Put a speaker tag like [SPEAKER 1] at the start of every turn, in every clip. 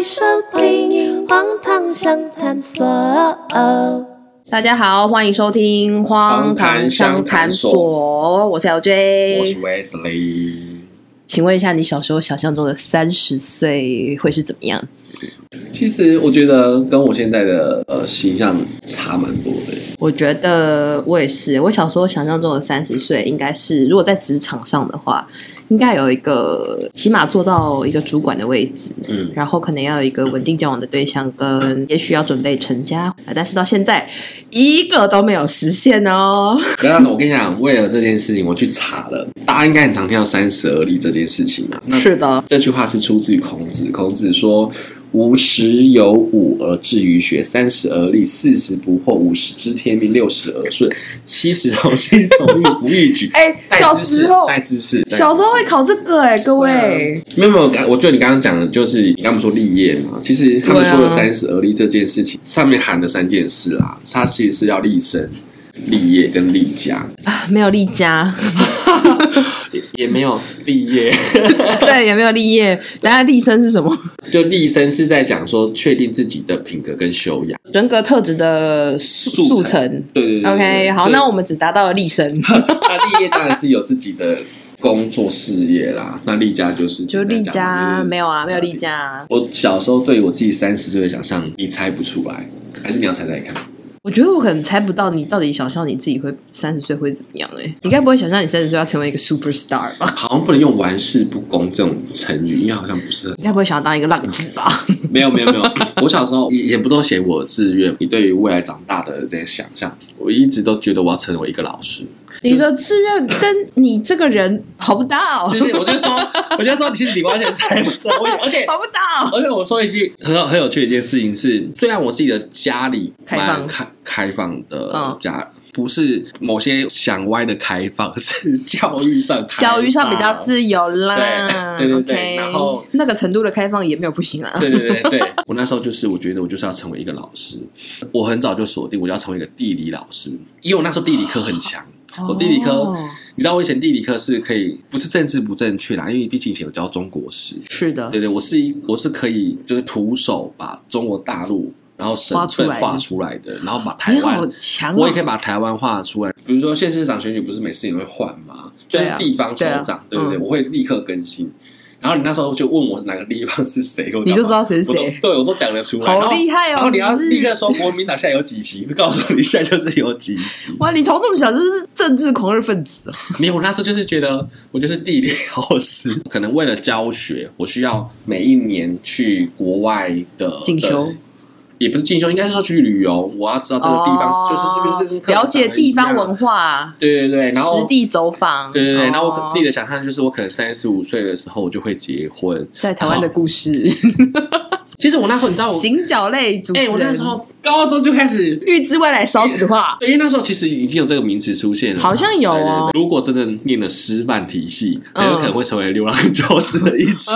[SPEAKER 1] 收聽荒唐相探索哦、大家好，歡迎收聽《荒唐箱探索》探索。我是 LJ，我是
[SPEAKER 2] Wesley。
[SPEAKER 1] 請問一下，你小時候想象中的三十歲會是怎麼樣？
[SPEAKER 2] 其實我覺得跟我現在的呃形象差蠻多的。
[SPEAKER 1] 我覺得我也是。我小時候想象中的三十歲，應該是如果在職場上的話，應該有一個起碼做到一個主管的位置，嗯，然後可能要有一個穩定交往的對象，嗯、跟也許要準備成家，但是到現在一個都沒有實現哦。
[SPEAKER 2] 哥、嗯，我跟你講， 為了這件事情，我去查了，大家應該很常聽到“三十而立”這件事情嘛。那，是的，這句話是出自於孔子，孔子說，五十有五而志於學，三十而立，四十不惑，五十知天命，六十而順，七十從心所欲不逾矩。哎、 欸，
[SPEAKER 1] 小時候小時候會考這個哎、欸，各位
[SPEAKER 2] 沒有、啊、沒有，我覺得你剛剛講的就是你剛不說立業嘛？其實他們說的三十而立這件事情、啊、上面含的三件事啊，它其實是要立身。立業跟立家。
[SPEAKER 1] 啊、沒有立家， 也也
[SPEAKER 2] 沒, 也沒有立業，
[SPEAKER 1] 對，也沒有立業。大家立身是什麼？
[SPEAKER 2] 就立身是在講說，確定自己的品格跟修養、
[SPEAKER 1] 人格特質的速成。對，對，對，對 o、okay, k 好，那我們只達到了立身。
[SPEAKER 2] 那立業當然是有自己的工作事業啦。那立家就是，就立家，家
[SPEAKER 1] 沒有啊，沒有立家、
[SPEAKER 2] 啊。我小時候對我自己三十歲的想象，你猜不出來，還是你要猜猜看看？
[SPEAKER 1] 我覺得我可能猜不到你到底想象你自己會三十歲會怎麼樣？哎、欸，Okay. 你該不會想象你三十歲要成為一個 super star 吧？
[SPEAKER 2] 好像不能用玩世不恭這種成語，因為好像不是。 你
[SPEAKER 1] 該不會想要當一個浪子吧？
[SPEAKER 2] 沒有沒有沒有，我小時候也不都寫我志願。你對於未來長大的這些想象，我一直都覺得我要成為一個老師。
[SPEAKER 1] 你的志願跟 你這個人跑不到，就 是，是我就說，
[SPEAKER 2] 我就說，其實你完全猜不出
[SPEAKER 1] 來，而且跑不到。
[SPEAKER 2] 而且我說一句很很有趣的一件事情是，雖然我自己的家裡開，開放開開放的家。哦不是某些想歪的開放，是教育上教育上比較自
[SPEAKER 1] 由啦。對對，對對，okay。然後那個程度的開放也沒有不行啊。對對對
[SPEAKER 2] 對，對， 我那時候就是我覺得我就是要成為一個老師，我很早就鎖定我就要成為一個地理老師，因為我那時候地理科很強。哦，我地理科，你知道我以前地理科是可以，不是政治不正確啦，因為畢竟以前有教中國史。是的，對對，我是一我是可以就是徒手把中國大陸。然後神會畫出來的，然後把台灣、啊，我也可以把台灣畫出來。比如說縣市長選舉不是每次也會換嗎？就是地方首長，對、啊對啊、對不對、嗯？我會立刻更新。然後你那時候就問我哪個地方是誰，你就知道誰是誰。我對我都講得出來，好厲害哦！然後，然後你要立刻說國民黨現在有幾席，告訴我你現在就是有幾席。
[SPEAKER 1] 哇，你頭那麼小，這是政治狂熱分子。
[SPEAKER 2] 沒有，我那時候就是覺得我就是地理老師，可能為了教學，我需要每一年去國外的進修。也不是進修，應該是說去旅遊。我要知道這個地方就是是不是了解地
[SPEAKER 1] 方文化？
[SPEAKER 2] 對對對，然後，實地走訪。對對對，然後我自己的想象就是，我可能三十五歲的時候，我就會結婚，在台灣的故事。
[SPEAKER 1] 其實我那時候，你知道我，我行腳類主持人、欸、我那時候高中就開始預知未來少子化，因 為那時候
[SPEAKER 2] 其實已經有這個名詞出現了，好像有、哦對對對。如果真的念了師範體系，很、嗯、有可能會成為流浪教師的一種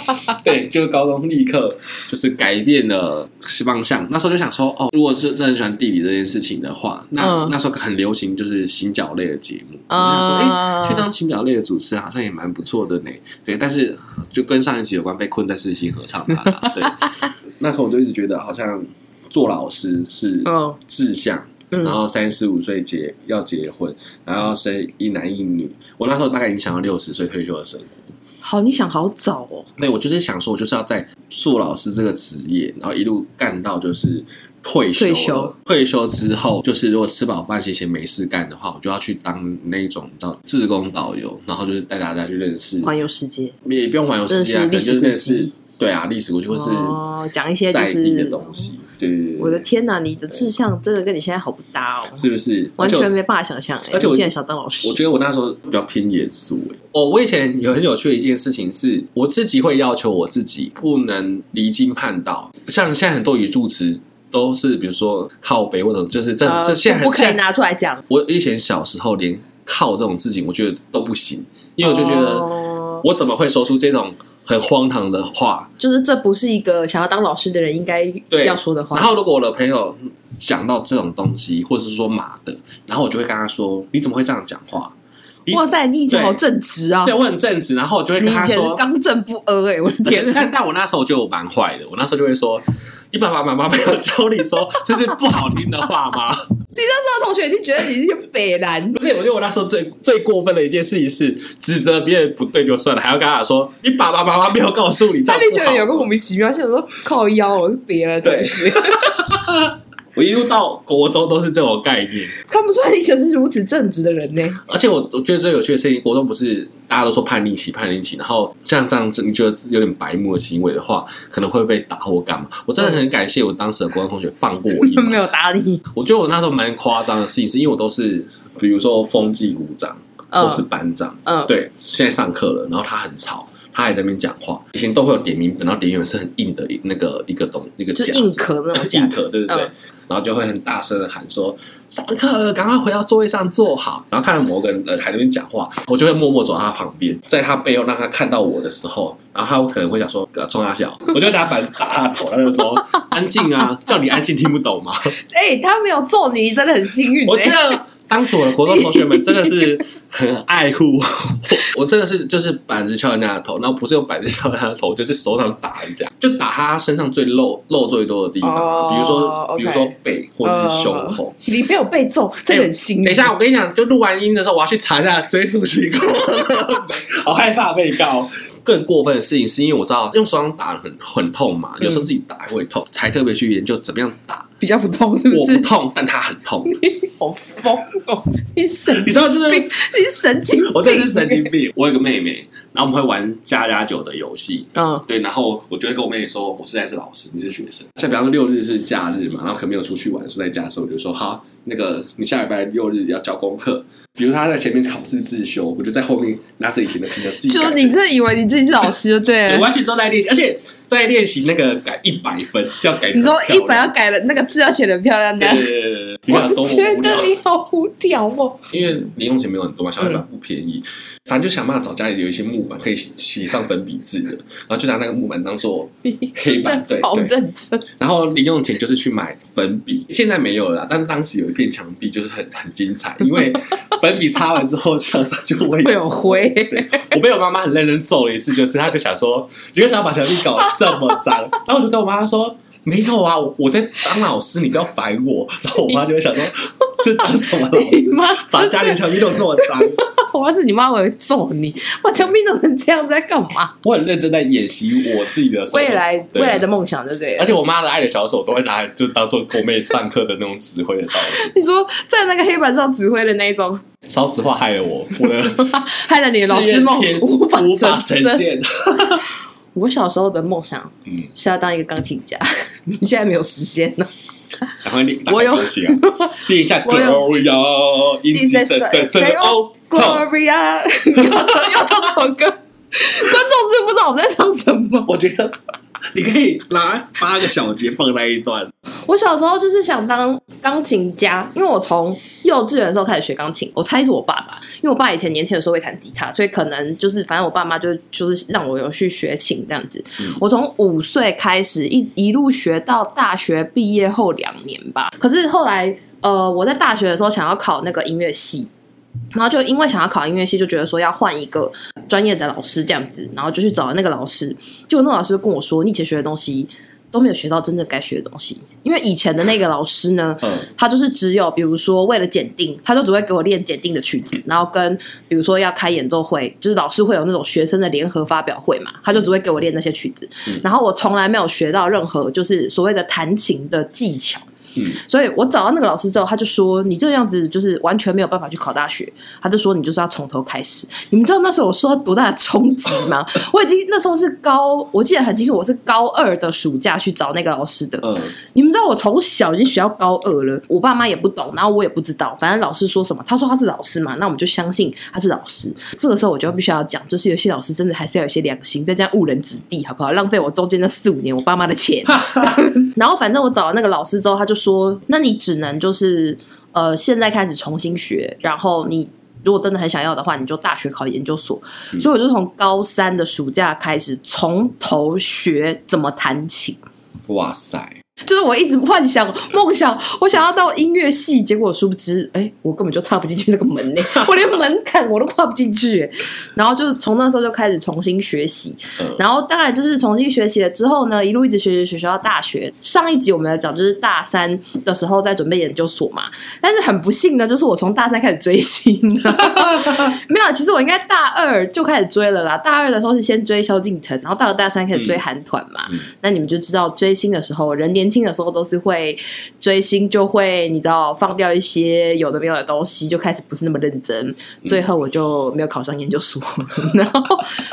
[SPEAKER 2] 對，就是高中立刻就是改變了方向。那時候就想說，哦，如果是真的很喜歡地理這件事情的話，那那時候很流行就是行腳類的節目，嗯、uh...，想說，哎、欸，去當行腳類的主持人好像也蠻不錯的呢。對，但是就跟上一集有關，被困在四星合唱團。對， 那時候我就一直覺得，好像做老師是志向，然後三十五歲結要結婚，然後生一男一女。我那時候大概已經想到六十歲退休的生活。好，你想好早哦？對，我就是想說，我就是要在做老師這個職業，然後一路幹到就是退休。退休退休之後，就是如果吃飽飯、閒閒沒事幹的話，我就要去當那種叫志工導遊，然後就是帶大家去認識環遊世界，也不用環遊世界、啊，嗯、是可能就是認識對啊，歷史古蹟，或是
[SPEAKER 1] 哦，講一些在地的
[SPEAKER 2] 東西。我的
[SPEAKER 1] 天吶，你的志向真的跟你現在好不
[SPEAKER 2] 搭哦，是不是？完全沒辦
[SPEAKER 1] 法想象、欸。而且我竟然想當老師，我覺
[SPEAKER 2] 得我那時候比較偏嚴肅哎。哦、oh,，我以前有很有趣的一件事情是，我自己會要求我自己不能離經叛道，像現在很多語助詞都是，比如說靠北或者就是這、呃、這，現在很不可以拿出來講。我以前小時候連靠這種字詞我覺得都不行，因為我就覺得我怎麼會說出這種。很荒唐的話，
[SPEAKER 1] 就是這不是一個想要當老師的人應該要
[SPEAKER 2] 說的話。然後，如果我的朋友講到這種東西，或者是說馬的，然後我就會跟他說：“你怎麼會這樣講話？”
[SPEAKER 1] 哇塞，你以前好正直啊！對，我很
[SPEAKER 2] 正直。然後我就會跟他說：“以前
[SPEAKER 1] 剛正不阿。”哎，我的天！ 但
[SPEAKER 2] 但我那時候就蠻壞的，我那時候就會說。你爸爸媽媽沒有教你說，這是不好聽的話嗎？ 你
[SPEAKER 1] 那時候同學已經覺得你是個北男， 不
[SPEAKER 2] 是？我覺得我那時候最最過分的一件事情是指責別人不對就算了，還要跟他說，你爸爸媽媽沒有告訴你。那 你覺得有
[SPEAKER 1] 個莫名其妙，現在說靠腰，我是別人的東西。
[SPEAKER 2] 我一路到國中都是這種概念。
[SPEAKER 1] 看不出來你卻是如此正直的人呢。
[SPEAKER 2] 而且我我覺得最有趣的事情，國中不是大家都說叛逆期，叛逆期，然後像這樣子，你覺得有點白目的行為的話，可能會被打或幹嘛。我真的很感謝我當時的國中同學放過我，沒有打你。我覺得我那時候蠻誇張的事情，是因為我都是，比如說風紀股長都是班長，嗯，對，現在上課了，然後他很吵。他還在那邊講話，以前都會有點名，等到點名，點名是很硬的一那個一個東一個夾，硬殼的種對不對、嗯？然後就會很大聲的喊說：“上課了，趕快回到座位上坐好。”然後看到某個人還在那邊講話、嗯，我就會默默走到他旁邊，在他背後讓他看到我的時候，然後他可能會想說：“衝 他笑。”我就打板打他頭，他就說：“ 安靜靜啊， 叫你安靜，聽不懂嗎？”
[SPEAKER 1] 哎、欸，他沒有揍你真的很幸運、欸，我覺
[SPEAKER 2] 得。 當初我的國中同學們真的是很愛護我，我真的是就是板子敲人家的頭，然後不是用板子敲人家的頭，就是手掌打人家，就打他身上最露露最多的地方，oh, 比如說、okay. 比如說背或者是胸口。Uh, 欸、你沒有被揍，真的很忍心。等一下，我跟你講，就錄完音的時候，我要去查一下追溯機構 好害怕被告。更過分的事情，是因為我知道用雙手打很很痛嘛、嗯，有時候自己打會痛，才特別去研究怎麼樣打比較不痛，是不是？我不痛，但它很痛。你好瘋哦、喔！你神，你知道、就是你神經病、欸，我真是神經病。我有個妹妹。嗯嗯。然後我們會玩家家酒的遊戲，嗯，對。然後我就會跟我妹說：“我現在是老師，你是學生。”像比方說六日是假日嘛，然後可能沒有出去玩，是在家的時候，我就說：“好，那個你下禮拜六日要交功課。”比如他在前面考試自修，我就在後面拿着以前的拼着自己着。就
[SPEAKER 1] 是、你真的以為你自己是老師對？對， 完全都在得及，而
[SPEAKER 2] 且。對，練習那個改一百分，要改。你說一
[SPEAKER 1] 百要改了，那個字要寫得漂亮點。 我不覺得多不你好無
[SPEAKER 2] 聊哦。因為零用錢沒有很多嘛，小黑板不便宜，嗯，反正就想辦法找家裡有一些木板可以寫上粉筆字的，然後就拿那個木板當做黑板。 對， 好認真。然後零用錢就是去買粉筆，現在沒有了，但是當時有一片牆壁就是很很精彩，因為粉筆擦完之後牆 上就會有會有灰。我被我媽媽很認真揍了一次，就是她就想說，你為什麼要把牆壁搞。 這麼髒，然後我就跟我媽說：“沒有啊，我在當老師，你不要煩我。”然後我媽就會想說：“這當什麼老師嗎？咱 家裡牆壁都這麼髒， 我媽是你媽會揍你，把牆壁弄成這樣子在幹嘛？”我很認真在演習我自己的未來未來的
[SPEAKER 1] 夢想就對，對不對？而且我
[SPEAKER 2] 媽的愛的小手都會拿，就當做國妹上課的那種指揮的道
[SPEAKER 1] 具。你說在那個黑板上指揮的那種，
[SPEAKER 2] 少子化害了我，我的
[SPEAKER 1] 害了你的老師
[SPEAKER 2] 夢無法，無法呈現。
[SPEAKER 1] 我小時候的夢想是要當一個鋼琴家，你、嗯、現在沒有實現呢、啊
[SPEAKER 2] 啊。我有練一下 Gloria，引子聲，a, the, the, the, the old,
[SPEAKER 1] Gloria, 要唱什麼 歌？ 觀眾是，是不知道我在唱
[SPEAKER 2] 什麼。我覺得。你可以拿八個小節放在一段 。
[SPEAKER 1] 我小時候就是想當鋼琴家，因為我從幼稚園的時候開始學鋼琴。我猜是我爸爸，因為我爸以前年輕的時候會彈吉他，所以可能就是反正我爸媽就就是讓我有去學琴這樣子。嗯、我從五歲開始一一路學到大學畢業後兩年吧。可是後來呃，我在大學的時候想要考那個音樂系。然後就因為想要考音樂系，就覺得說要換一個專業的老師這樣子，然後就去找了那個老師。結果那個老師就跟我說，你以前學的東西都沒有學到真正該學的東西，因為以前的那個老師呢，嗯，他就是只有比如說為了檢定，他就只會給我練檢定的曲子，然後跟比如說要開演奏會，就是老師會有那種學生的聯合發表會嘛，他就只會給我練那些曲子，嗯，然後我從來沒有學到任何就是所謂的彈琴的技巧。嗯，所以我找到那個老師之後，他就說：“你這樣子就是完全沒有辦法去考大學。”他就說：“你就是要從頭開始。”你們知道那時候我受到多大的衝擊嗎？ 我已經那時候是高，我記得很清楚，我是高二的暑假去找那個老師的。嗯，你們知道我從小已經學到高二了，我爸媽也不懂，然後我也不知道，反正老師說什麼，他說他是老師嘛，那我們就相信他是老師。這個時候我就必須要講，就是有些老師真的還是要有些良心，不要這樣誤人子弟，好不好？浪費我中間那四五年我爸媽的錢。 然後反正我找到那個老師之後，他就說。說，那你只能就是，呃，現在開始重新學。然後你如果真的很想要的話，你就大學考研究所。嗯、所以我就從高三的暑假開始，從頭學怎麼彈琴。哇塞！就是我一直幻想夢想，我想要到音樂系，結果殊不知，哎、欸，我根本就踏不進去那個門呢， 我連門檻我都跨不進去。然後就從那時候就開始重新學習，然後當然就是重新學習了之後呢，一路一直學學學學到大學。上一集我們來講就是大三的時候在準備研究所嘛，但是很不幸的就是我從大三開始追星，沒有，其實我應該大二就開始追了啦。大二的時候是先追蕭敬騰，然後到了大三開始追韓團嘛、嗯嗯。那你們就知道追星的時候人臉。年輕的時候都是會追星，就會你知道放掉一些有的沒有的東西，就開始不是那麼認真。最後我就沒有考上研究所，然後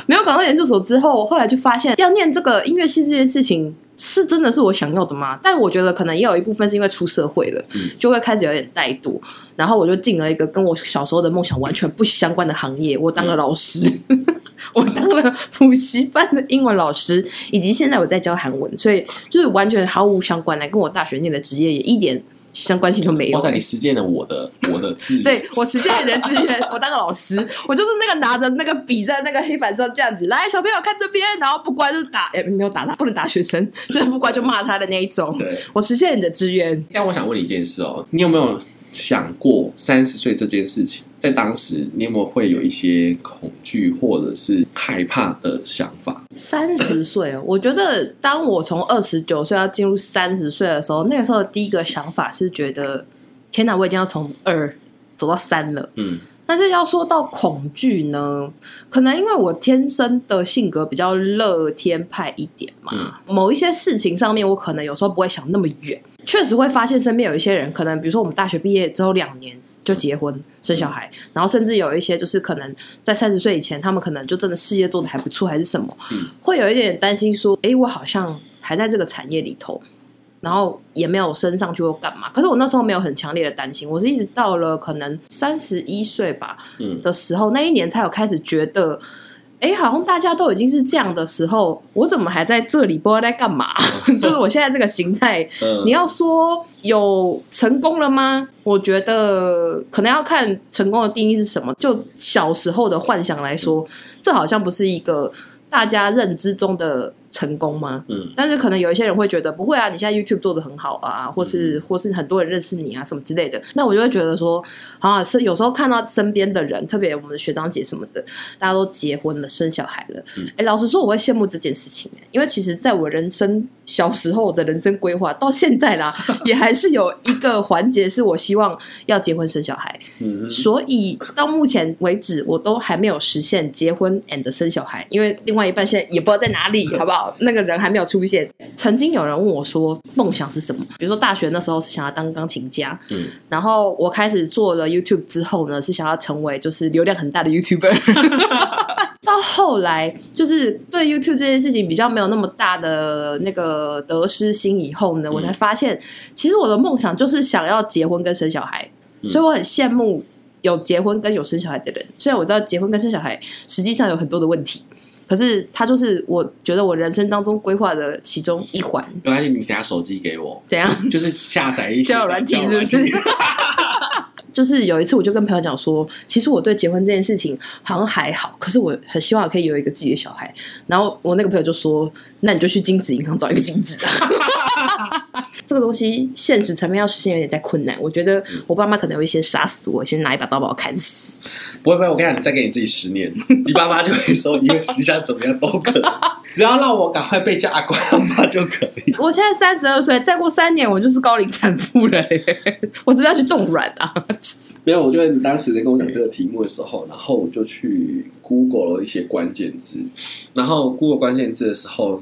[SPEAKER 1] 沒有考上研究所之後，我後來就發現要念這個音樂系這件事情，是真的是我想要的嗎？但我覺得可能也有一部分是因為出社會了，嗯，就會開始有點怠惰。然後我就進了一個跟我小時候的夢想完全不相關的行業，我當了老師，嗯、 我當了補習班的英文老師，以及現在我在教韓文，所以就是完全毫無相關，來跟我大學念的職業也一點相關性都沒有、欸。哇塞，你實踐
[SPEAKER 2] 了我的我的志願， 對，
[SPEAKER 1] 我實踐你的志願， 我當個老師，我就是那個拿着那個筆在那個黑板上這樣子，來小朋友看這邊，然後不乖就打，哎、欸、沒有打他，不能打學生，就是不乖就罵他的那一種。對，
[SPEAKER 2] 我實現你的志願。但我想問你一件事哦、喔，你有沒有想過三十歲這件事情？在當時，你有沒有會有一些恐懼或者是害怕的想法？三
[SPEAKER 1] 十歲哦， 我覺得當我從二十九歲要進入三十歲的時候，那個時候的第一個想法是覺得，天哪，我已經要從二走到三了。嗯，但是要說到恐懼呢，可能因為我天生的性格比較樂天派一點嘛，嗯，某一些事情上面我可能有時候不會想那麼遠。確實會發現身邊有一些人，可能比如說我們大學畢業之後兩年。就結婚生小孩，嗯，然後甚至有一些就是可能在三十歲以前，他們可能就真的事業做得還不錯，還是什麼，嗯，會有一點擔心說，哎，我好像還在這個產業裡頭，然後也沒有升上去或幹嘛。可是我那時候沒有很強烈的擔心，我是一直到了可能三十一歲吧的時候，嗯，那一年才有開始覺得。哎，好像大家都已經是這樣的時候，我怎麼還在這裡不知道在幹嘛？ 就是我現在這個形態， 你要說有成功了嗎？我覺得可能要看成功的定義是什麼。就小時候的幻想來說，這好像不是一個大家認知中的。成功嗎？嗯，但是可能有一些人會覺得不會啊，你現在 YouTube 做得很好啊，或是、嗯、或是很多人認識你啊，什麼之類的。那我就會覺得說，啊，是有時候看到身邊的人，特別我們的學長姐什麼的，大家都結婚了，生小孩了。哎、嗯欸，老實說，我會羨慕這件事情、欸，因為其實在我人生小時候的人生規劃到現在啦，也還是有一個環節是我希望要結婚生小孩。嗯，所以到目前為止，我都還沒有實現結婚 and 生小孩，因為另外一半現在也不知道在哪裡，好不好？那個人還沒有出現。曾經有人問我說：“夢想是什麼？”比如說大學那時候是想要當鋼琴家，嗯，然後我開始做了 YouTube 之後呢，是想要成為就是流量很大的 YouTuber。 到後來就是對 YouTube 這件事情比較沒有那麼大的那個得失心以後呢，嗯、我才發現其實我的夢想就是想要結婚跟生小孩、嗯。所以我很羨慕有結婚跟有生小孩的人，雖然我知道結婚跟生小孩實際上有很多的問題。可是，他就是我覺得我人生當中規劃的其中一環。
[SPEAKER 2] 原來是你俠手機給我，怎樣？就是下載一下。交友軟體是不是？
[SPEAKER 1] 就是有一次，我就跟朋友講說，其實我對結婚這件事情好像還好，可是我很希望可以有一個自己的小孩。然後我那個朋友就說：“那你就去精子銀行找一個精子啊。 ”這個東西現實層面要實現有點點在困難。我覺得我爸媽可能會先殺死我，先拿一把刀把我砍死。不會
[SPEAKER 2] 不會，我跟你講，你再給你自己十年， 你爸媽就會說，你想怎麼樣都可以，只要讓我趕快被叫阿嬤就可
[SPEAKER 1] 以。 我現在三十二歲，再過三年我就是高齡產婦了，我是不是要去凍卵啊？
[SPEAKER 2] 沒有，我就當時在跟我講這個題目的時候，然後我就去 Google 了一些關鍵字，然後 Google 關鍵字的時候。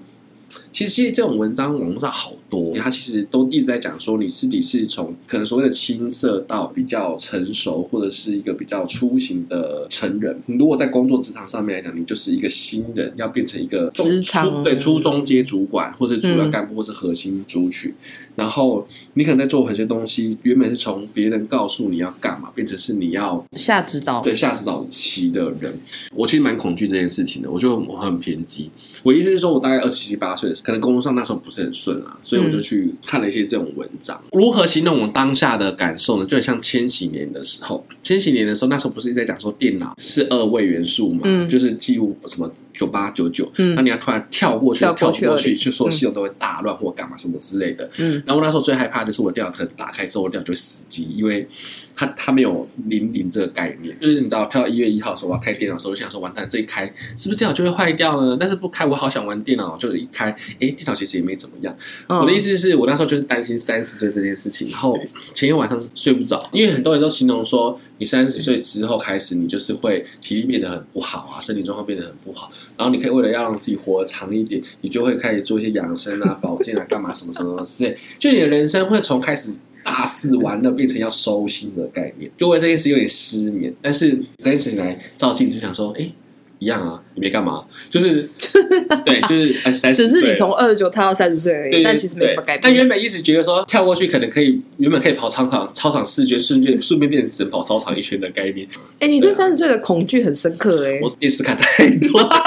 [SPEAKER 2] 其實，其實這種文章網絡上好多，他其實都一直在講說，你自己是從可能所謂的青澀到比較成熟，或者是一個比較粗型的成人。你如果在工作職場上面來講，你就是一個新人，要變成一個職場對初中階主管，或者主要幹部、嗯，或是核心主曲。然後你可能在做很多東西，原本是從別人告訴你要幹嘛，變成是你要下
[SPEAKER 1] 指導，對下
[SPEAKER 2] 指導棋的人。我其實蠻恐懼這件事情的，我就我很偏激。我意思是說，我大概二十七,七八歲的時候。可能工作上那時候不是很順啊，所以我就去看了一些這種文章。嗯，如何形容我當下的感受呢？就很像千禧年的時候。千禧年的時候，那時候不是一直在講說電腦是二位元素嘛？嗯，就是幾乎什麼九八九九，嗯，那你要突然跳過去，跳過去，跳過去，就說系統都會大亂或幹嘛什麼之類的。嗯，然後那時候最害怕就是我的電腦可能打開之後，我電腦就會死機，因為它它沒有零零這個概念。就是你到跳到一月一號的時候，我要開電腦的時候，就想說，完蛋，這一開是不是電腦就會壞掉呢？但是不開，我好想玩電腦，就一開。哎、欸，電腦其實也沒怎麼樣、嗯。我的意思是，我那時候就是擔心三十歲這件事情，然後前一天晚上睡不着，因為很多人都形容說，你三十歲之後開始，你就是會體力變得很不好啊，嗯、身體狀況變得很不好，然後你可以為了要讓自己活得長一點，你就會開始做一些養生啊、保健啊、幹 嘛什,什,什麼什麼之類，就你的人生會從開始大肆玩樂變成要收心的概念，就為這件事有點失眠。但是那天醒來照鏡子想說，哎、欸，一樣啊。你沒幹嘛，就是對，就是三十歲，只是你從
[SPEAKER 1] 二十九跳到三十歲而已。但其實沒什麼改變。但原本
[SPEAKER 2] 一直覺得說跳過去可能可以，原本可以跑操場，操場四圈，順便順便變成只能跑操場一圈的概念。
[SPEAKER 1] 哎、欸，你對三十歲的恐
[SPEAKER 2] 懼很深刻。哎、欸，我電視看太多。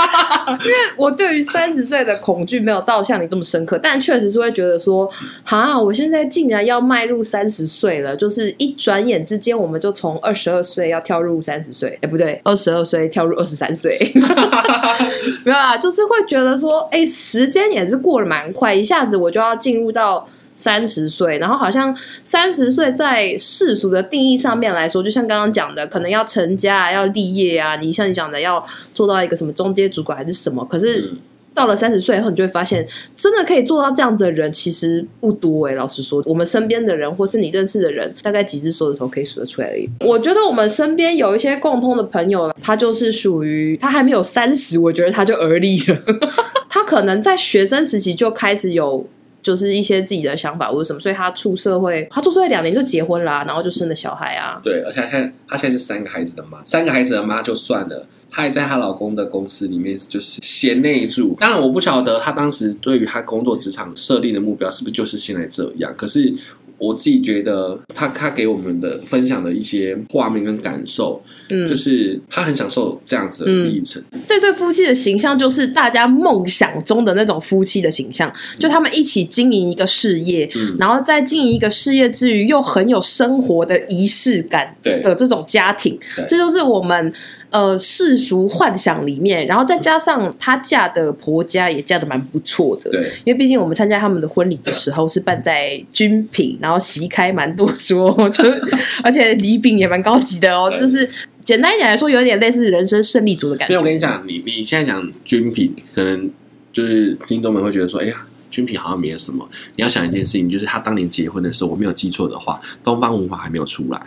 [SPEAKER 2] 因
[SPEAKER 1] 為我對於三十歲的恐懼沒有到像你這麼深刻，但確實是會覺得說，啊，我現在竟然要邁入三十歲了，就是一轉眼之間，我們就從二十二歲要跳入三十歲，哎、欸，不對，二十二歲跳入二十三歲。 沒有啊，就是會覺得說，哎、欸，時間也是過得蠻快，一下子我就要進入到三十歲，然後好像三十歲在世俗的定義上面來說，就像剛剛講的，可能要成家、要立業啊，你像你講的要做到一個什麼中階主管還是什麼，可是，嗯到了三十歲以後，你就會發現，真的可以做到這樣子的人其實不多誒、欸、老實說，我們身邊的人，或是你認識的人，大概幾隻手指頭可以數得出來的。我覺得我們身邊有一些共通的朋友，他就是屬於他還沒有三十，我覺得他就而立了。 他可能在學生時期就開始有，就是一些自己的想法或者什麼，所以他出社會，他出社會兩年就結婚啦、啊，然後就生了小孩啊。對，
[SPEAKER 2] 而且他他現在是三個孩子的媽，三個孩子的媽就算了。她也在她老公的公司裡面，就是賢內助。當然，我不曉得她當時對於她工作職場設定的目標是不是就是現在這樣。可是我自己覺得他，她她給我們的分享的一些畫面跟感受，嗯，就是她很享受這樣子的歷程、嗯。
[SPEAKER 1] 這對夫妻的形象就是大家夢想中的那種夫妻的形象，就他們一起經營一個事業，嗯，然後再經營一個事業之餘又很有生活的儀式感的這種家庭。對，這就，就是我們。呃，世俗幻想裡面，然後再加上她嫁的婆家也嫁得蠻不錯的，對，因為畢竟我們參加他們的婚禮的時候是辦在軍品，然後席開蠻多桌的， 而且禮品也蠻高級的哦。就是簡單一點來說，有點類似人生勝利組的感覺。所以我跟你講，
[SPEAKER 2] 你你現在講軍品，可能就是聽眾們會覺得說，哎呀，軍品好像沒有什麼。你要想一件事情，就是他當年結婚的時候，我沒有記錯的話，東方文化還沒有出來。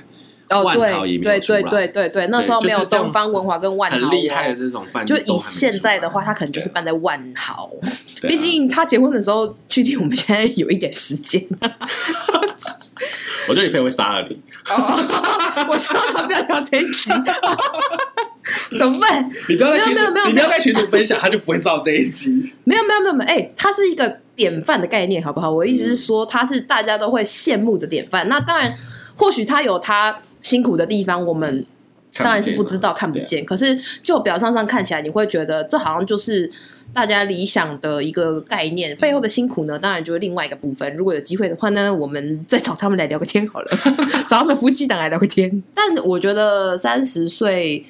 [SPEAKER 2] 哦，對對對對對對,對，那時候沒有東方文
[SPEAKER 1] 華跟萬豪，很厲害的
[SPEAKER 2] 這種飯店，就以現
[SPEAKER 1] 在的話，他可能就是辦在萬豪、
[SPEAKER 2] 啊啊。畢竟
[SPEAKER 1] 他結婚的時候，距離我們現在有一點時間。
[SPEAKER 2] 我覺得女朋友會殺了你。哦哦哦哦
[SPEAKER 1] 哦 我千他不要跳這一集， 怎麼辦？你不要有沒有你不要跟群主
[SPEAKER 2] 分享， 他就不會造這一集。
[SPEAKER 1] 沒有沒有沒有，哎，他、欸、是一個典範的概念，好不好？我的意思是說，他是大家都會羨慕的典範。嗯、那當然，或許他有他。辛苦的地方，我們當然是不知道看不、看不見。可是就表面上看起來，你會覺得這好像就是大家理想的一個概念。嗯、背後的辛苦呢，當然就是另外一個部分。如果有機會的話呢，我們再找他們來聊個天好了， 找他們夫妻檔來聊個天。 但我覺得三十歲，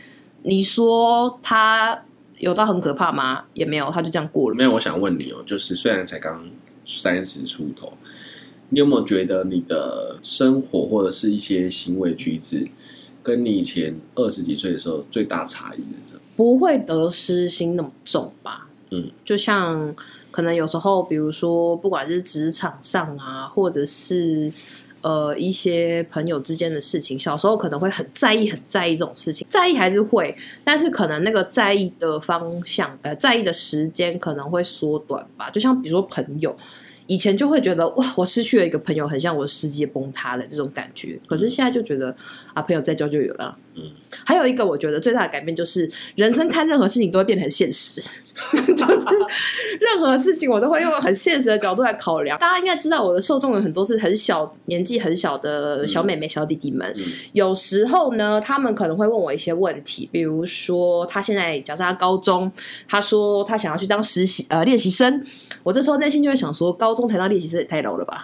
[SPEAKER 1] 你說他有到很可怕嗎？也沒有，他就這樣
[SPEAKER 2] 過了。沒有，我想問你哦、喔，就是雖然才剛三十出頭。你有沒有覺得你的生活或者是一些行為舉止，跟你以前二十幾歲的時候最大差異是什
[SPEAKER 1] 麼？不會得失心那麼重吧？嗯，就像可能有時候，比如說不管是職場上啊，或者是呃一些朋友之間的事情，小時候可能會很在意，很在意這種事情，在意還是會，但是可能那個在意的方向，呃，在意的時間可能會縮短吧。就像比如說朋友。以前就會覺得哇，我失去了一個朋友，很像我的世界崩塌的這種感覺。可是現在就覺得、嗯、啊，朋友再交就有了。嗯，還有一個我覺得最大的改變就是，人生看任何事情都會變得很現實 就是任何事情我都會用很現實的角度來考量。大家應該知道我的受眾有很多是很小年紀、很小的小妹妹、小弟弟們。有時候呢，他們可能會問我一些問題，比如說他現在假設他高中，他說他想要去當實習呃練習生，我這時候內心就會想說，高中才當練習生也太 low 了吧。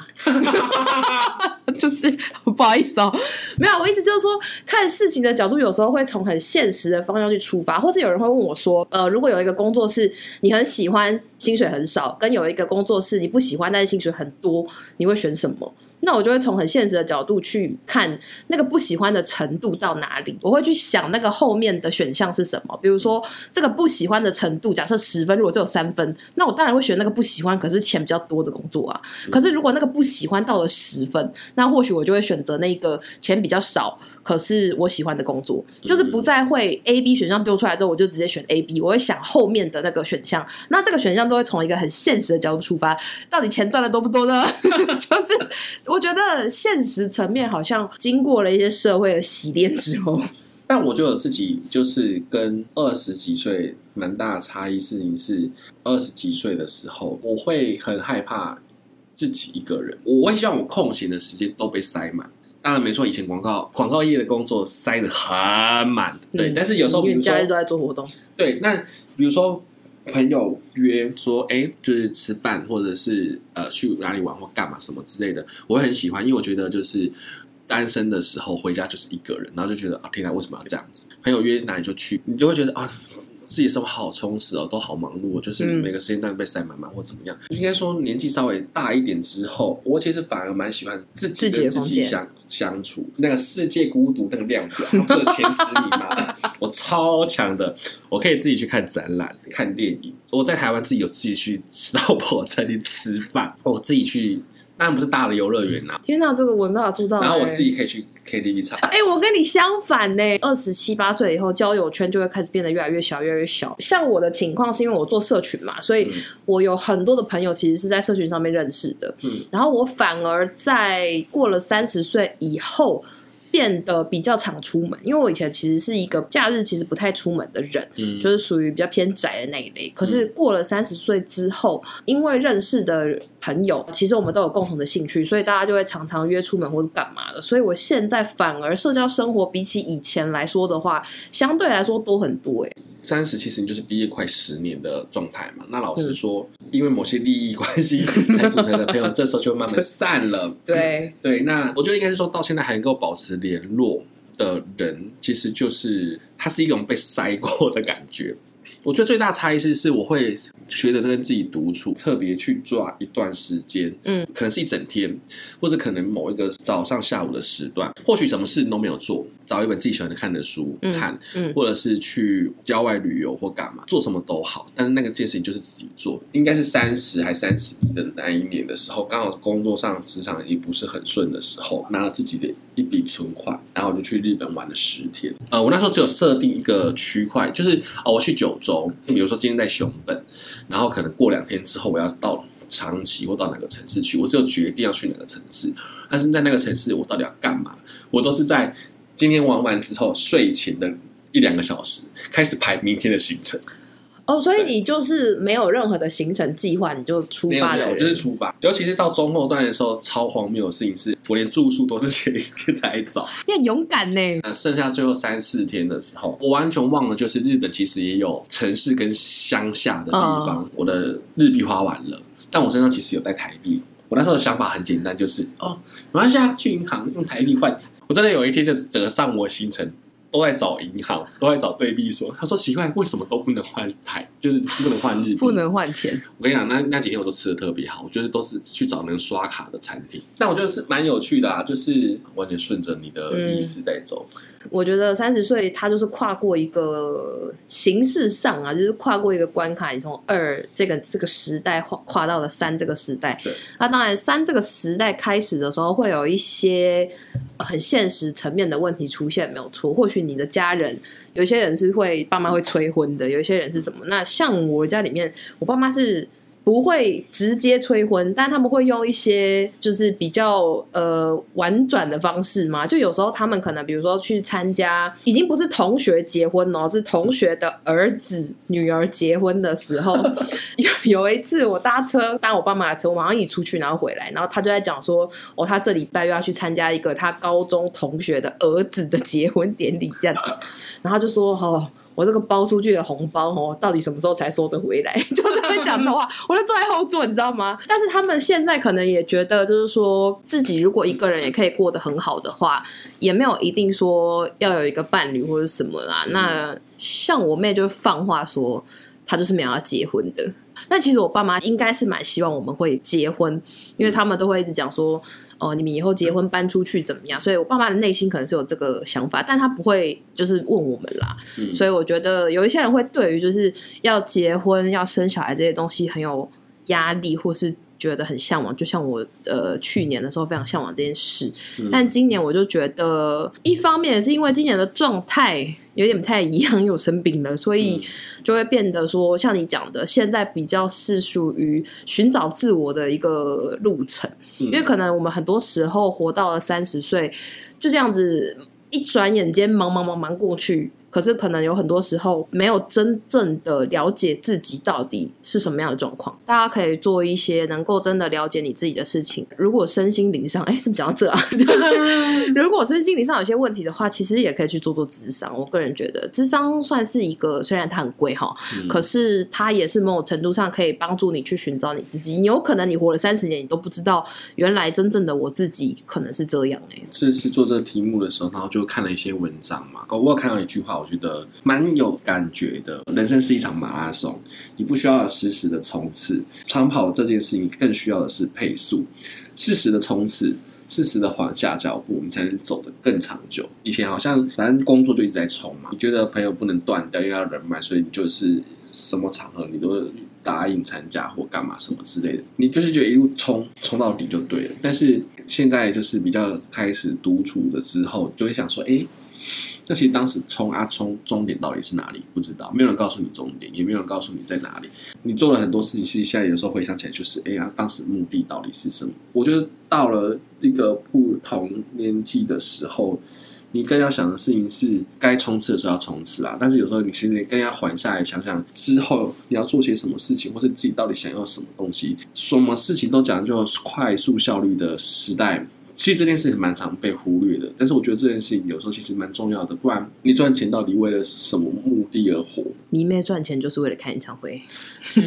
[SPEAKER 1] 就是不好意思哦、啊，沒有，我意思就是說，看事情的角度有時候會從很現實的方向去出發，或是有人會問我說，呃，如果有一個工作是你很喜歡，薪水很少，跟有一個工作是你不喜歡，但是薪水很多，你會選什麼？那我就會從很現實的角度去看那個不喜歡的程度到哪裡，我會去想那個後面的選項是什麼。比如說，這個不喜歡的程度，假設十分，如果只有三分，那我當然會選那個不喜歡，可是錢比較多的工作啊。可是如果那個不喜歡到了十分，那或許我就會選擇那個錢比較少，可是我喜歡的工作，就是不再會 A B 選項丟出來之後，我就直接選 A B。我會想後面的那個選項，那這個選項都會從一個很現實的角度出發，到底錢賺的多不多呢？ 就是。我覺得現實層面好像經過了一些社會的洗禮之後
[SPEAKER 2] 但我覺得自己就是跟二十幾歲蠻大差異事情是二十幾歲的時候，我會很害怕自己一個人。我會希望我空閒的時間都被塞滿，當然沒錯。以前廣告廣告業的工作塞得很滿，對、嗯。但是有時候節、嗯、家裡
[SPEAKER 1] 都在做活動，
[SPEAKER 2] 對。那比如說。朋友約說，哎、欸，就是吃飯，或者是呃去哪裡玩或幹嘛什麼之類的，我會很喜歡，因為我覺得就是單身的時候回家就是一個人，然後就覺得啊，天吶，為什麼要這樣子？朋友約哪裡就去，你就會覺得啊。自己生活好充實哦，都好忙碌哦，就是每個時間段被塞滿滿、嗯、或怎麼樣。應該說年紀稍微大一點之後，嗯、我其實反而蠻喜歡自自己跟自己相自相處。那個世界孤獨那個量表做的前十名， 我超強的，我可以自己去看展覽、看電影。我在台灣自己有自己去吃，到火車裡吃飯，我自己去。當然不是大的遊樂園啦！天
[SPEAKER 1] 哪，這個我沒辦法做到。然後我自己可以
[SPEAKER 2] 去 KTV 唱。哎，
[SPEAKER 1] 我跟你相反呢，二十七八歲以後，交友圈，就會開始變得越來越小，越來越小。像我的情況是因為我做社群嘛，所以我有很多的朋友其實是在社群上面認識的。嗯，然後我反而在過了三十歲以後。變得比較常出門，因為我以前其實是一個假日其實不太出門的人，嗯、就是屬於比較偏宅的那一類。可是過了三十歲之後，因為認識的朋友，其實我們都有共同的興趣，所以大家就會常常約出門或者幹嘛的。所以我現在反而社交生活比起以前來說的話，相對來
[SPEAKER 2] 說多很多、欸。三十其實你就是畢業快十年的狀態嘛。那老實說， 因為某些利益關係才組成的朋友， 這時候就慢慢散了。對、嗯、對，那我覺得應該是說到現在還能夠保持聯絡的人，其實就是他是一種被篩過的感覺。我覺得最大差異是，是我會學着跟自己獨處，特別去抓一段時間，嗯，可能是一整天，或者可能某一個早上、下午的時段，或許什麼事都沒有做，找一本自己喜歡的看的書看嗯，嗯，或者是去郊外旅遊或幹嘛，做什麼都好，但是那個件事情就是自己做。應該是三十還三十一的那一年的時候，剛好工作上職場已經不是很順的時候，拿了自己的。一筆存款，然後我就去日本玩了十天。呃，我那時候只有設定一個區塊，就是哦，我去九州，比如說今天在熊本，然後可能過兩天之後我要到長崎或到哪個城市去，我只有決定要去哪個城市。但是在那個城市，我到底要幹嘛？我都是在今天玩完之後，睡前的一兩個小時開始排明天的行程。
[SPEAKER 1] 哦、oh，所以你就是沒有任何的行程計劃，你就出發了。對，我就是
[SPEAKER 2] 出發。尤其是到中後段的時候，超荒謬的事情是，我連住宿都是前一天才找。你
[SPEAKER 1] 很勇敢呢？
[SPEAKER 2] 剩下最後三四天的時候，我完全忘了，就是日本其實也有城市跟鄉下的地方。Oh. 我的日幣花完了，但我身上其實有帶台幣。我那時候的想法很簡單，就是哦，沒關係啊，去銀行用台幣換。我真的有一天就是折上我行程。都在找銀行，都在找兌幣所。他說奇怪，為什麼都不能換牌？就是不能換日幣、啊、不能換錢。我跟你講，那那幾天我都吃的特別好，我覺得都是去找能刷卡的餐廳。但我覺得是蠻有趣的，啊，就是完全順着你的意思在走。嗯
[SPEAKER 1] 我覺得三十歲，他就是跨過一個形式上啊，就是跨過一個關卡，你從二這個這個時代跨跨到了三這個時代。那當然，三這個時代開始的時候，會有一些很現實層面的問題出現，沒有錯。或許你的家人，有一些人是會爸媽會催婚的，有一些人是什麼、嗯？那像我家裡面，我爸媽是。不會直接催婚，但他們會用一些就是比較呃婉轉的方式嘛。就有時候他們可能比如說去參加，已經不是同學結婚哦，是同學的兒子女兒結婚的時候。 有，有一次我搭車搭我爸媽的車，我馬上一出去然後回來，然後他就在講說：“哦，他這禮拜又要去參加一個他高中同學的兒子的結婚典禮這樣子。”然後他就說：“哦。”我這個包出去的紅包哦，到底什麼時候才收得回來？ 就這麼講的話，我就坐在後座，你知道嗎？但是他們現在可能也覺得，就是說自己如果一個人也可以過得很好的話，也沒有一定說要有一個伴侶或者什麼啦、嗯。那像我妹就放話說，她就是沒有要結婚的。那其實我爸媽應該是蠻希望我們會結婚，因為他們都會一直講說。哦、呃，你們以後結婚搬出去怎麼樣？嗯、所以，我爸媽的內心可能是有這個想法，但他不會就是問我們啦。嗯、所以，我覺得有一些人會對於就是要結婚、要生小孩這些東西很有壓力，或是。覺得很嚮往，就像我呃去年的時候非常嚮往這件事，嗯，但今年我就覺得，一方面是因為今年的狀態有點不太一樣，又生病了，所以就會變得說，像你講的，嗯，現在比較是屬於尋找自我的一個路程，嗯，因為可能我們很多時候活到了三十歲，就這樣子一轉眼間忙忙忙忙過去。可是可能有很多時候沒有真正的了解自己到底是什麼樣的狀況。大家可以做一些能夠真的了解你自己的事情。如果身心靈上，哎、欸，怎麼講到這啊？就是 如果身心靈上有些問題的話，其實也可以去做做諮商。我個人覺得諮商算是一個，雖然它很貴哈、嗯，可是它也是某種程度上可以幫助你去尋找你自己。有可能你活了三十年，你都不知道原來真正的我自己可能是這樣、
[SPEAKER 2] 欸。哎，這次做這個題目的時候，然後就看了一些文章嘛。哦，我有看到一句話。我覺得蠻有感覺的。人生是一場馬拉松，你不需要時時的衝刺。長跑這件事情更需要的是配速，適時的衝刺，適時的緩下腳步，我們才能走得更長久。以前好像反正工作就一直在衝嘛，你覺得朋友不能斷掉，因為要人脈，所以你就是什麼場合你都答應參加或幹嘛什麼之類的，你就是覺得一路衝衝到底就對了。但是現在就是比較開始獨處了之後，就會想說，哎。那其實當時衝啊衝，終點到底是哪裡？不知道，沒有人告訴你終點，也沒有人告訴你在哪裡。你做了很多事情，其實現在有時候回想起來，就是哎呀、欸啊，當時目的到底是什麼？我覺得到了一個不同年紀的時候，你更要想的事情是，該衝刺的時候要衝刺啦。但是有時候你其實更要緩下來，想想之後你要做些什麼事情，或是自己到底想要什麼東西。什麼事情都講究快速效率的時代。其實這件事是蠻常被忽略的，但是我覺得這件事情有時候其實蠻重要的。不然你賺錢到底為了什麼目的而活？
[SPEAKER 1] 迷妹賺錢就是為了看演唱會。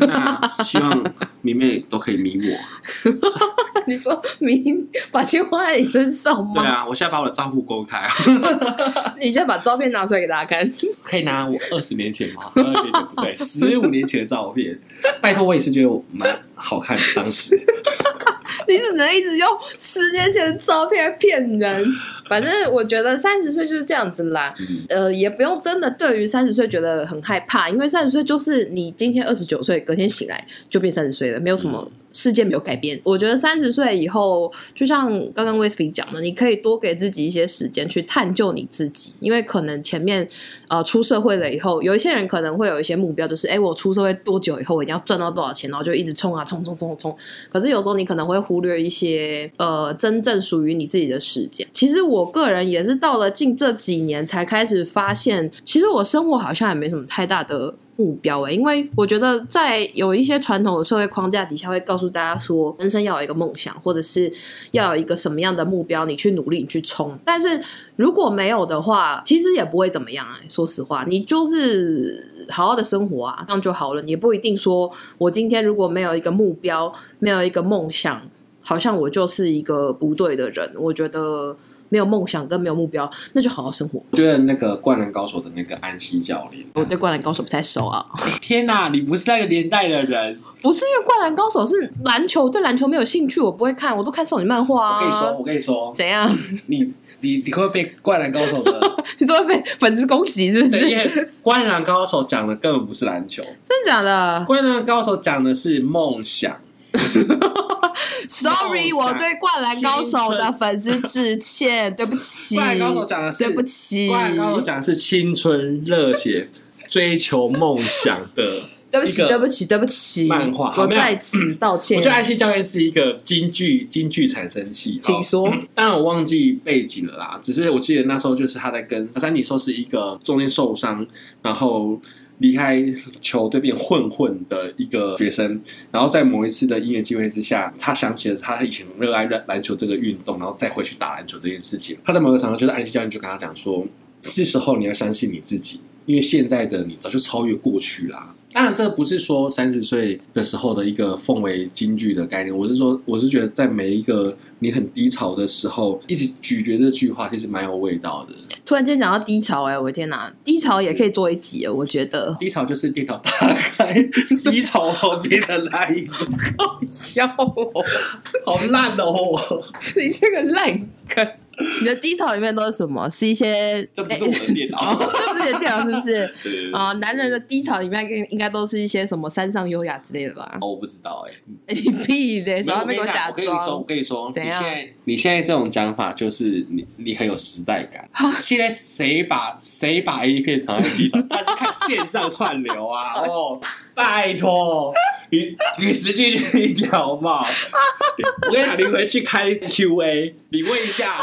[SPEAKER 2] 那、啊、希望迷妹都可以迷我。
[SPEAKER 1] 你說迷把錢花在你身上嗎？對
[SPEAKER 2] 啊，我現在把我的賬戶公開。
[SPEAKER 1] 你現在把照片拿出來給大家看。可以拿我
[SPEAKER 2] 二十年前嗎？二十年前不對，十五年前的照片。 拜托，我也是覺得我蠻好看的，當時。
[SPEAKER 1] 你只能一直用十年前的照片騙人。反正我覺得三十歲就是這樣子啦，呃，也不用真的對於三十歲覺得很害怕，因為三十歲就是你今天二十九歲，隔天醒來就變三十歲了，沒有什麼。世界沒有改變，我覺得三十歲以後，就像剛剛 w 斯 s 講的，你可以多給自己一些時間去探究你自己，因為可能前面呃出社會了以後，有一些人可能會有一些目標，就是誒我出社會多久以後我一定要賺到多少錢，然後就一直衝啊衝衝衝衝衝。可是有時候你可能會忽略一些呃真正屬於你自己的時間。其實我個人也是到了近這幾年才開始發現，其實我生活好像也沒什麼太大的。目標誒、欸，因為我覺得在有一些傳統的社會框架底下，會告訴大家說，人生要有一個夢想，或者是要有一個什麼樣的目標，你去努力，你去衝。但是如果沒有的話，其實也不會怎麼樣啊、欸。說實話，你就是好好的生活啊，這樣就好了。你也不一定說我今天如果沒有一個目標，沒有一個夢想，好像我就是一個不對的人。我覺得。沒有夢想跟沒有目標，那就好好生活。
[SPEAKER 2] 我覺得那個《灌籃高手》的那個安西教練，我對《灌籃高手》不太熟啊、欸。天哪，你不是那個年代的人？
[SPEAKER 1] 不是，因為《灌籃高手》是籃球，對籃球沒有興趣，我不會看，我都看少女漫畫啊。我跟你說，
[SPEAKER 2] 我跟你說，怎樣？你你你會被《灌籃高手》的？ 你說會被粉絲攻擊，是不是？《灌籃高手》講的根本不是籃球，真的假的？《灌籃高手》講的是夢想。
[SPEAKER 1] Sorry，我對，灌對《灌籃高手》的粉絲致歉，對不
[SPEAKER 2] 起。《灌籃高手》講的是對不起，《灌籃高手》講的是青春熱血， 追求夢想的。 對不起，對不起，對不起。漫畫好，在此
[SPEAKER 1] 道歉。我覺得安
[SPEAKER 2] 西教練是一個金句金句產生器。請說。當、哦、然、嗯、我忘記背景了啦。只是我記得那時候就是他在跟三，你說是一個中間受傷，然後。離開球隊變混混的一個學生，然後在某一次的音樂機會之下，他想起了他以前熱愛籃籃球這個運動，然後再回去打籃球這件事情。他在某個場合，就是安西教練就跟他講說：“這時候你要相信你自己，因為現在的你早就超越過去啦。”當然，這不是說三十歲的時候的一個奉為金句的概念。我是說，我是覺得在每一個你很低潮的時候，一直咀嚼這句話，其實蠻有味道的。
[SPEAKER 1] 突然間講到低潮、欸，哎，我的天哪！低潮也可以做一集，
[SPEAKER 2] 我覺得。低潮就是電腦大開低 潮旁變得來好個爛、喔，好笑，好爛哦！你這個爛梗。
[SPEAKER 1] 你的低潮裡面都是什麼？是一些這不是我的電腦、欸，不、 哦，就是電腦是不是？對啊、哦！男人的低潮裡面應該都是一些什麼山上優雅之類的吧？哦，我不知道哎、欸欸，你屁的，不要被我假裝，我跟你說，我
[SPEAKER 2] 跟你說，你你現在這種講法就是你你很有時代感。現在誰把誰把 A K 藏在地上？但是看線上串流啊！哦，拜托，你與時俱進一點好不好？ 我跟你講，你回去開 Q A，你問一下，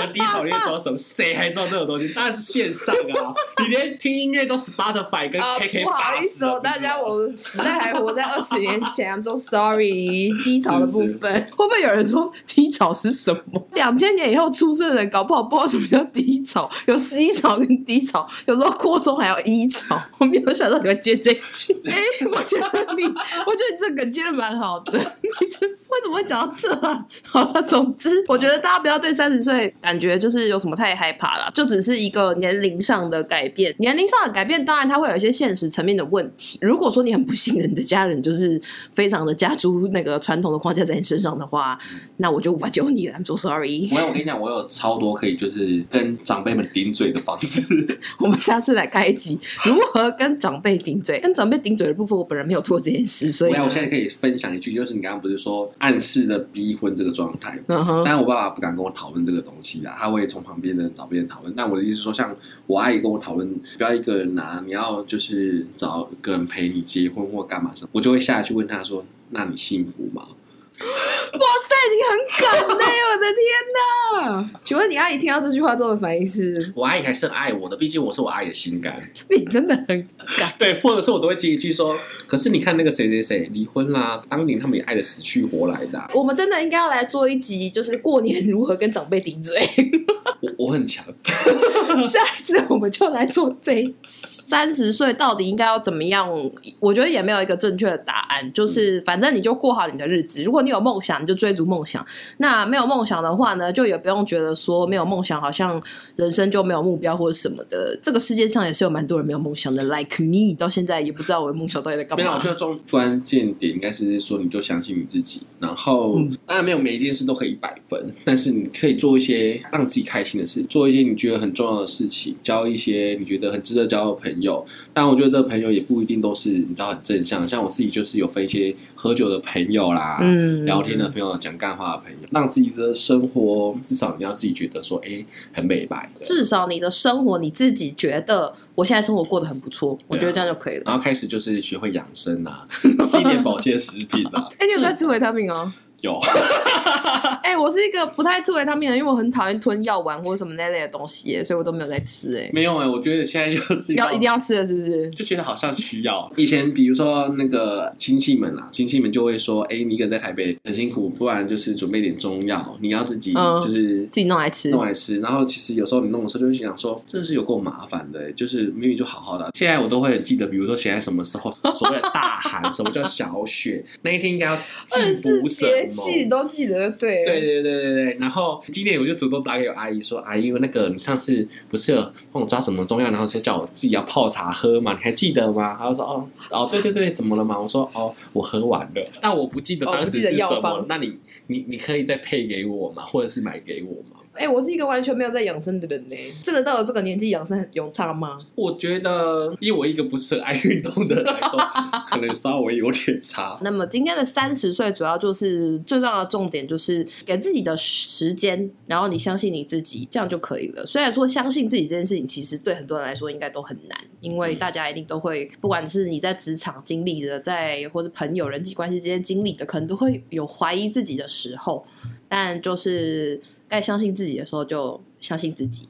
[SPEAKER 2] 你的 D 槽裝什麼？誰還裝這種東西？當然是線上啊！你連聽音樂都 Spotify 跟
[SPEAKER 1] KKBOX 不好意思哦、喔，大家，我們實在還活在二十年前。 I'm so sorry，D 槽的部分是不
[SPEAKER 2] 是會不會有人說 D 槽是？
[SPEAKER 1] 什麼？兩千年以後出生的人，搞不好不知道什麼叫低潮，有 C 潮跟低潮，有時候擴充還有 E 潮。我沒有想到你會接這一句。哎、 欸，我覺得你，我覺得你這個接的蠻好的。你這為什麼會講到這啊？好了，總之，我覺得大家不要對三十歲感覺就是有什麼太害怕了，就只是一個年齡上的改變。年齡上的改變，當然它會有一些現實層面的問題。如果說你很不信任你的家人，就是非常的家族，那個傳統的框架在你身上的話，那我就無法救你了。I'm so sorry，我跟
[SPEAKER 2] 你講，我有超多可以就是跟長輩們頂嘴的方式。
[SPEAKER 1] 我們下次來開機，如何跟長輩頂嘴？ 跟長輩頂嘴的部分，我本人沒有做這件事，所以，我現
[SPEAKER 2] 在可以分享一句，就是你剛剛不是說暗示的逼婚這個狀態？嗯哼。但我爸爸不敢跟我討論這個東西，他會從旁邊的人找別人討論。那我的意思是說，像我阿姨跟我討論，不要一個人拿，你要就是找個人陪你結婚或幹嘛什麼，我就會下去問他說：“那你幸福嗎？”
[SPEAKER 1] 哇塞，你很敢嘞、欸！ 我的天哪，請問你阿姨聽到這句話之後的反應是？
[SPEAKER 2] 我阿姨還是愛我，我的，畢竟我是我阿姨的心肝。
[SPEAKER 1] 你真的很
[SPEAKER 2] 敢，對，或者是我都會接一句說：可是你看那個誰誰誰離婚啦、啊，當年他們也愛得死去活來的、啊。
[SPEAKER 1] 我們真的應該要來做一集，就是過年如何跟長輩頂嘴。
[SPEAKER 2] 我，我很強，
[SPEAKER 1] 下一次我們就來做這一期。三十歲到底應該要怎麼樣？我覺得也沒有一個正確的答案，就是反正你就過好你的日子。如果你有夢想，你就追逐夢想；那沒有夢想的話呢，就也不用覺得說沒有夢想，好像人生就沒有目標或者什麼的。這個世界上也是有蠻多人沒有夢想的，like me，到現在也不知道我的夢想到底在幹嘛。沒了。我覺得
[SPEAKER 2] 中關鍵點應該是，是說，你就相信你自己。然後，當然沒有每一件事都可以一百分，但是你可以做一些讓自己開心。做一些你覺得很重要的事情，交一些你覺得很值得交的朋友。但我覺得這個朋友也不一定都是你知道很正向，像我自己就是有分一些喝酒的朋友啦，嗯，聊天的朋友，講、嗯、幹話的朋友，讓自己的生活至少你要自己覺得說，哎、欸，很美白。至
[SPEAKER 1] 少你的生活你自己覺得，我現在生活過得很不錯，
[SPEAKER 2] 我覺得這樣就可以了。啊、然後開始就是學會養生啊，吃 點保健食品啊。哎
[SPEAKER 1] 欸，你有沒有在吃維他命哦？有。 哎，我是一個不太吃維他命的，因為我很討厭吞藥丸或者什麼那類的東西，所以我都沒有在吃。哎，
[SPEAKER 2] 沒有哎、欸，我覺得現在就是要,要一定要吃的是不是？就覺得好像需要。以前比如說那個親戚們啦，親 戚們就會說：哎、欸，你一個人在台北很辛苦，不然就是準備點中藥，你要自己就是、嗯、自己弄來吃，弄來吃。然後其實有時候你弄的時候，就會想說，真的是有夠麻煩的。就是明明就好好的、啊。現在我都會記得，比如說現在什麼時候， 所謂的大寒， 什麼叫小雪，那一天應該要祭祖什麼，二十四節氣你
[SPEAKER 1] 都,都記得，對對。
[SPEAKER 2] 對對對對對，然後今天我就主動打給我阿姨說，阿姨，我那個你上次不是有幫我抓什麼中藥，然後就叫我自己要泡茶喝嘛，你還記得嗎？然後說哦哦對對對，怎麼了嘛？我說哦，我喝完的。但我不記得當時是，哦，我不記得藥方，什麼，那你你你可以再配給我嘛，或者是買給我嘛。
[SPEAKER 1] 哎、欸，我是一個完全沒有在養生的人呢。真的到了這個年紀，養生有差嗎？
[SPEAKER 2] 我覺得，以我一個不是愛運動的人來說， 可能稍微有點差。
[SPEAKER 1] 那麼今天的三十歲，主要就是最重要的重點就是給自己的時間，然後你相信你自己，這樣就可以了。雖然說相信自己這件事情，其實對很多人來說應該都很難，因為大家一定都會，嗯、不管是你在職場經歷的，在或是朋友人際關係之間經歷的，可能都會有懷疑自己的時候。但就是該相信自己的時候就相信自己，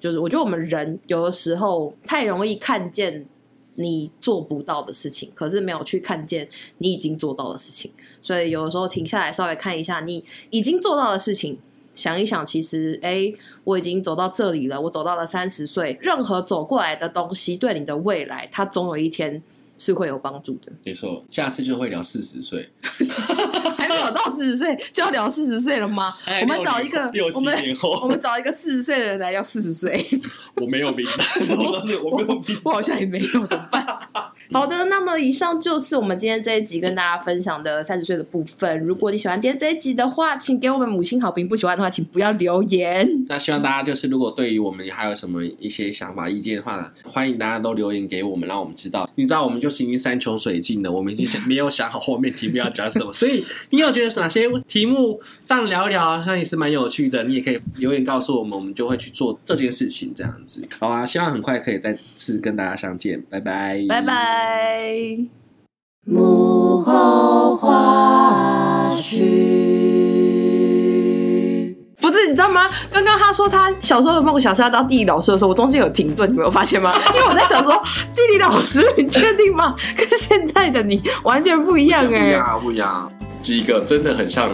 [SPEAKER 1] 就是我覺得我們人有的時候太容易看見你做不到的事情，可是沒有去看見你已經做到的事情，所以有的時候停下來稍微看一下你已經做到的事情，想一想，其實欸，我已經走到這裡了，我走到了三十歲，任何走過來的東西，對你的未來，它總有一天。是會有幫助的。沒錯，
[SPEAKER 2] 下次就會聊四十歲。
[SPEAKER 1] 還沒有到四十歲就要聊四十歲了嗎？哎？我們找一個，哎、我們我們找一個四十歲的人來聊四十歲。
[SPEAKER 2] 我沒有名單，我，我好像也沒有，怎麼辦？
[SPEAKER 1] 好的，那麼以上就是我們今天這一集跟大家分享的三十歲的部分。如果你喜歡今天這一集的話，請給我們五星好評；不喜歡的話，請不要留言。
[SPEAKER 2] 那希望大家就是，如果對於我們還有什麼一些想法、意見的話，歡迎大家都留言給我們，讓我們知道。你知道，我們就是已經山窮水盡了，我們已經想沒有想好後面題目要講什麼。 所以，你有覺得是哪些題目？這樣聊一聊，好像也是蠻有趣的。你也可以留言告訴我們，我們就會去做這件事情。這樣子。好啊，希望很快可以再次跟大家相見。拜拜，
[SPEAKER 1] 拜拜。幕後花絮，不是你知道嗎？剛剛他說他小時候的夢想是要當地理老師的時候，我中間有停頓，你沒有發現嗎？ 因為我在想說地理 老師，你確定嗎？ 跟現在的你完全不一樣哎、欸啊，不一樣，
[SPEAKER 2] 不一樣，幾個真的很像。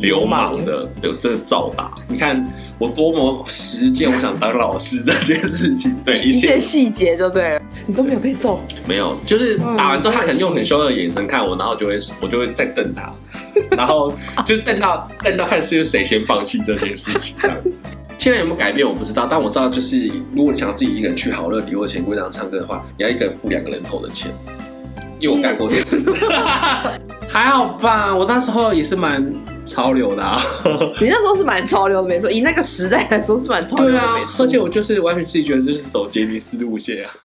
[SPEAKER 2] 流氓的，有這照打。你看我多麼實踐，我想當老師這件事情，對一切
[SPEAKER 1] 細節就對了，對，你都沒有被揍。
[SPEAKER 2] 沒有，就是打完之後，他可能用很凶的眼神看我，然後就會我就會再瞪他，然後就瞪到 瞪到看是誰先放棄這件事情這樣子。現在有沒有改變我不知道，但我知道就是如果你想要自己一個人去好樂迪或錢櫃這唱歌的話，你要一個人付兩個人頭的錢。因為我幹過這個事， 還好吧？我那時候也是蠻，潮流的
[SPEAKER 1] 啊，你那時候是蠻潮流的沒錯， 以那個時代來說是蠻潮流的，對，沒
[SPEAKER 2] 錯，而且我就是完全自己覺得就是走傑尼斯路線啊。